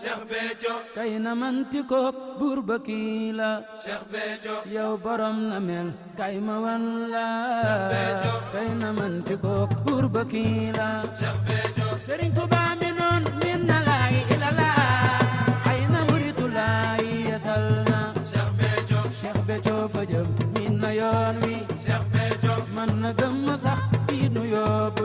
Cheikh Béthio kay na manti ko buur ba kii la Cheikh Béthio yow borom na mel kay ma wan la Cheikh Béthio kay na manti ko buur ba kii la Cheikh Béthio Serigne Touba mi noon min na laay ila la ay na muritu laay yasal na Cheikh Béthio Cheikh Béthio fa jëm min na yoon wi Cheikh Béthio man na gëm sax bii nu yóbbu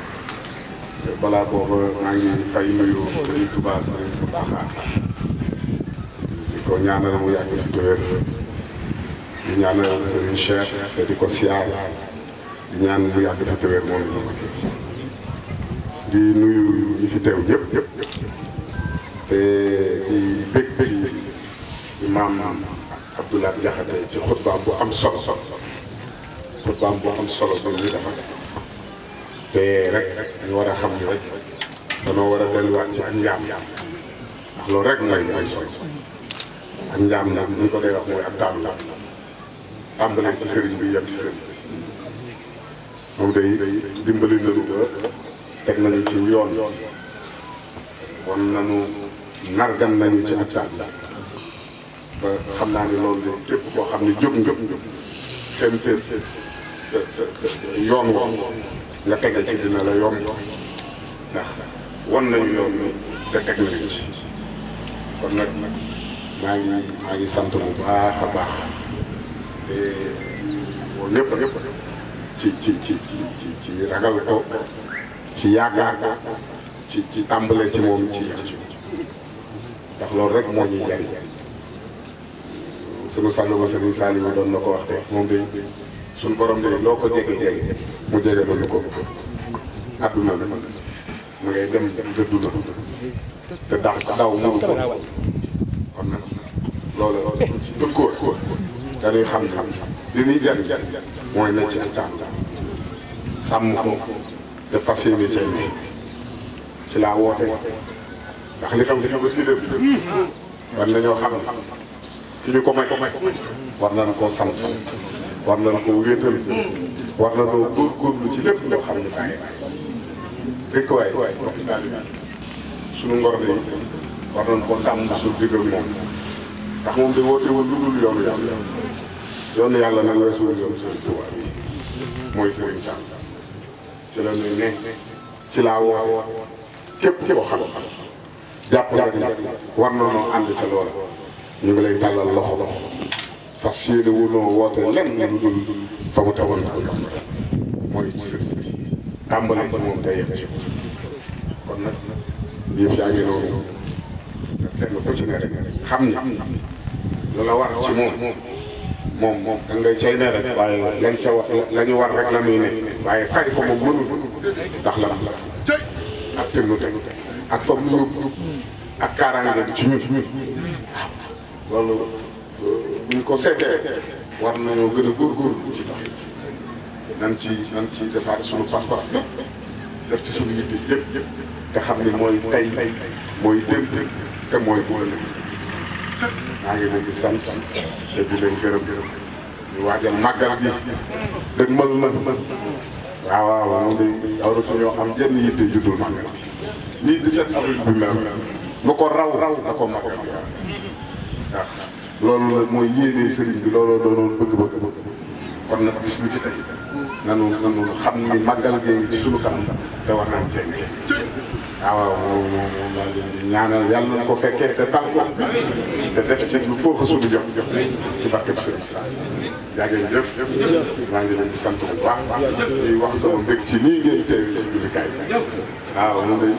balaa booba maa ngi fay nuyu suñu tubaab suñu fi wér di ñaanal te di ko siyaar di ñaan mu yàgg fi wér moom la ko di nuyu ñi fi teew ñëpp bu am solo xutbaam bu solo bu ñu dafa te rek ñu war a xam ni rek danoo war a delluwaat ci ak njaam ndax loolu rek mooy mooy soñ ak njaam nag ñu ko dee wax mooy ak tàmbali tàmbalee ci sëriñ bi yem ci sëriñ moom day dimbali nañu teg nañu ci yoon won nañu nargan nañu ci ak tàmbali ba xam naa ne loolu de képp koo xam ne jóg nga seen sa sa sa yoon woon nga tege na la yomb ndax wan nañu yoon bi te teg nañu ci kon nag maa ngi maa sant bu baax a baax te loolu lépp lépp ci ci ci ci ci ragal ko ci yaakaar ko ci ci tàmbale moom ci loolu rek moo ñuy jariñ sunu sànni ba sëriñ Saliou doon na ko wax te moom day loo ko jege mu jege ba ñu ko adduna la mu ngay dem dëddu na te dax daw mënu ko kon nag loolu dëkkoo dañuy xam xam li ñuy jar mooy nañ ci tànn sàmm ko te fas yéene cay ne ci laa woote dax li xam li ñu ko ci def war nañoo ko may war nañ koo sant war na ko wéetal war na noo góorgóorlu ci lépp loo xam ne bàyyi dëkk waay bokki taalibe suñu ngor de war nañ ko sàmm suñu digal moom ndax moom de woote woon lu dul yoonu yàlla yoonu yàlla nag weesu yoonu Sëriñ Tuubaa bi mooy Sëriñ Sàmm ci ci laa woo képp koo war na noo ca loola ñu ngi lay tàllal loxo loxo fas yéene wunoo woote lenn lu dul fa mu tawoon mooy ci ci moom day yem ci kon nag yëf ci ne rek la war ci moom moom moom da ngay cay war rek la muy ne waaye ko moom mënul ndax la la ak fi mu teg ak fa mu yóbbu ak kaaraangeem ci ñun waaw loolu buñ ko seetee war nañoo gën a góorgóorlu ci doxin nan ci nan ci defaat suñu pas-pas yëpp def ci suñu yitte yëpp te xam ni mooy tey mooy démb te mooy bu ëllëg maa ngi leen di sant te di leen gërëm ñu waajal na waaw waaw waaw de aw na ñoo am jenn yitte juddul màggal nii 17 avril bi mel nga ko raw raw na ko màggal ndax loolu la mooy yéenee sëriñ bi looloo doonoon bëgg kon nag bis lu ci tey nanu nanu xam ni màggal gi ci suñu kanam te war nañ cee nekk waaw waaw moom moom laa leen di ñaanal yàlla na ko fekkee te tal ko te def ci lu foo xasuñu jox jox ci barkeb sëriñ Sass jaa ngeen jëf maa ngi leen di sant bu baax di wax sama mbég ci nii ngeen teew ci jullikaay bi waaw nanuy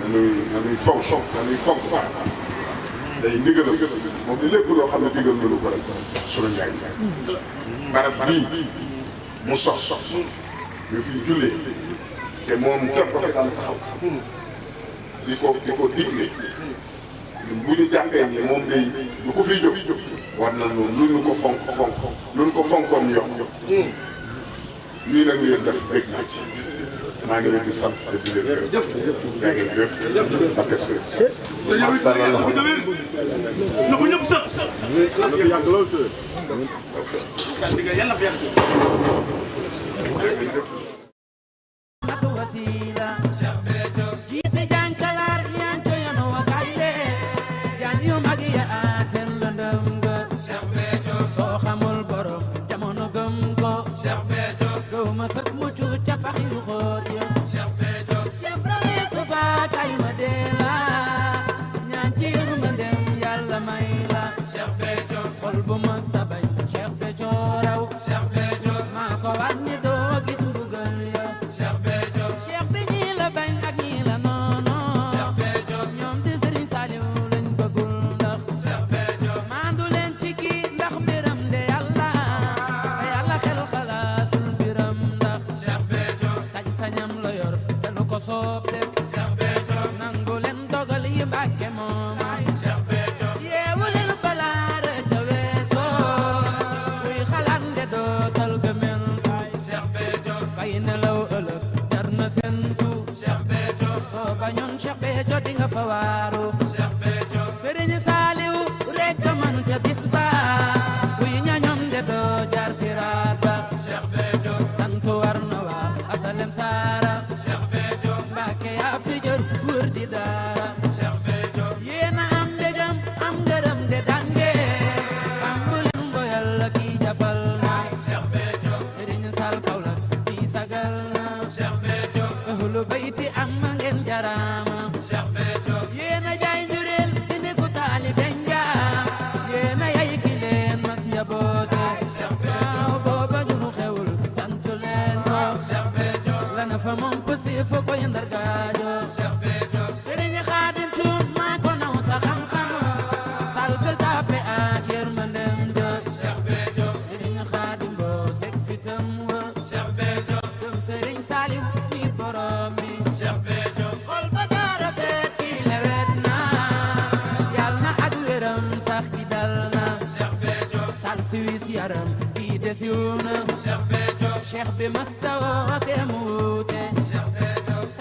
nanuy nanuy fonk nanuy fonk day ndigal moom lépp loo xam ne digal na lu ko rek suñu njaay barab bii mu sos sos ñu fi jullee te moom képp ko fi daan taxaw di ko di ko digle bu ñu jàppee ni moom day lu ko fiy jóg war na lu ñu ko fonk fonk lu ñu ko fonkoon yokk nii nag ngeen def bég na ci maa ngi leen di sant te di leen gërëm yaa ngi jëf barkeb sëriñ sax na ko ñëpp sax yàgg lool sant nga yàlla ñam la yor te lu ko soob def Cheikh Béthio nangu leen dogal yi Mbàkke moom Cheikh Béthio yeewu leen balaare ca weesoo kuy xalaat nde dootal gëmel Cheikh Béthio bay nelaw ëllëg jar na seen tu Cheikh Béthio soo bañoon Cheikh Béthio di nga fa waar kilifa koy ndargaajo Cheikh Béthio Sëriñ Xaadim Cuun maa ko naw sa xam-xam salgal tàppe ak yërmandem jo Cheikh Béthio Sëriñ Xaadim boo seg fitam wa Cheikh Béthio dum Sëriñ Saaliw mi borom bi Cheikh Béthio xol ba dara feet ki lewet na yal na ak wéram sax ki dal na Cheikh Béthio sal siwis yaram bi desiw na Cheikh Béthio Cheikh bi mastawa te muute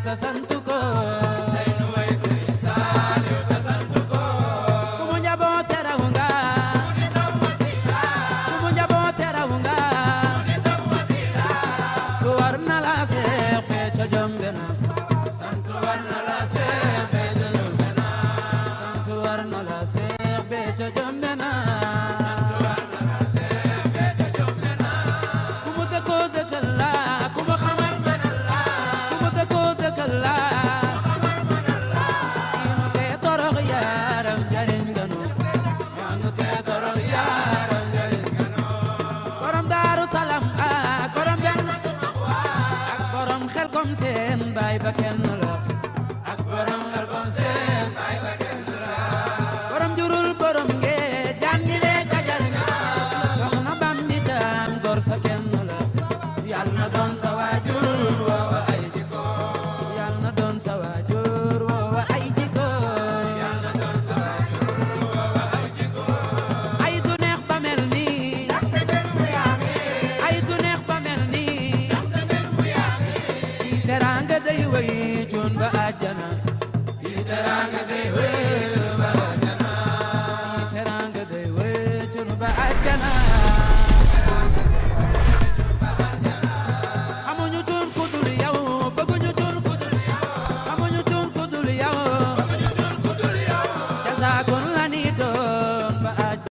సంతకం సంతుకో seen baay ba kenn that I know.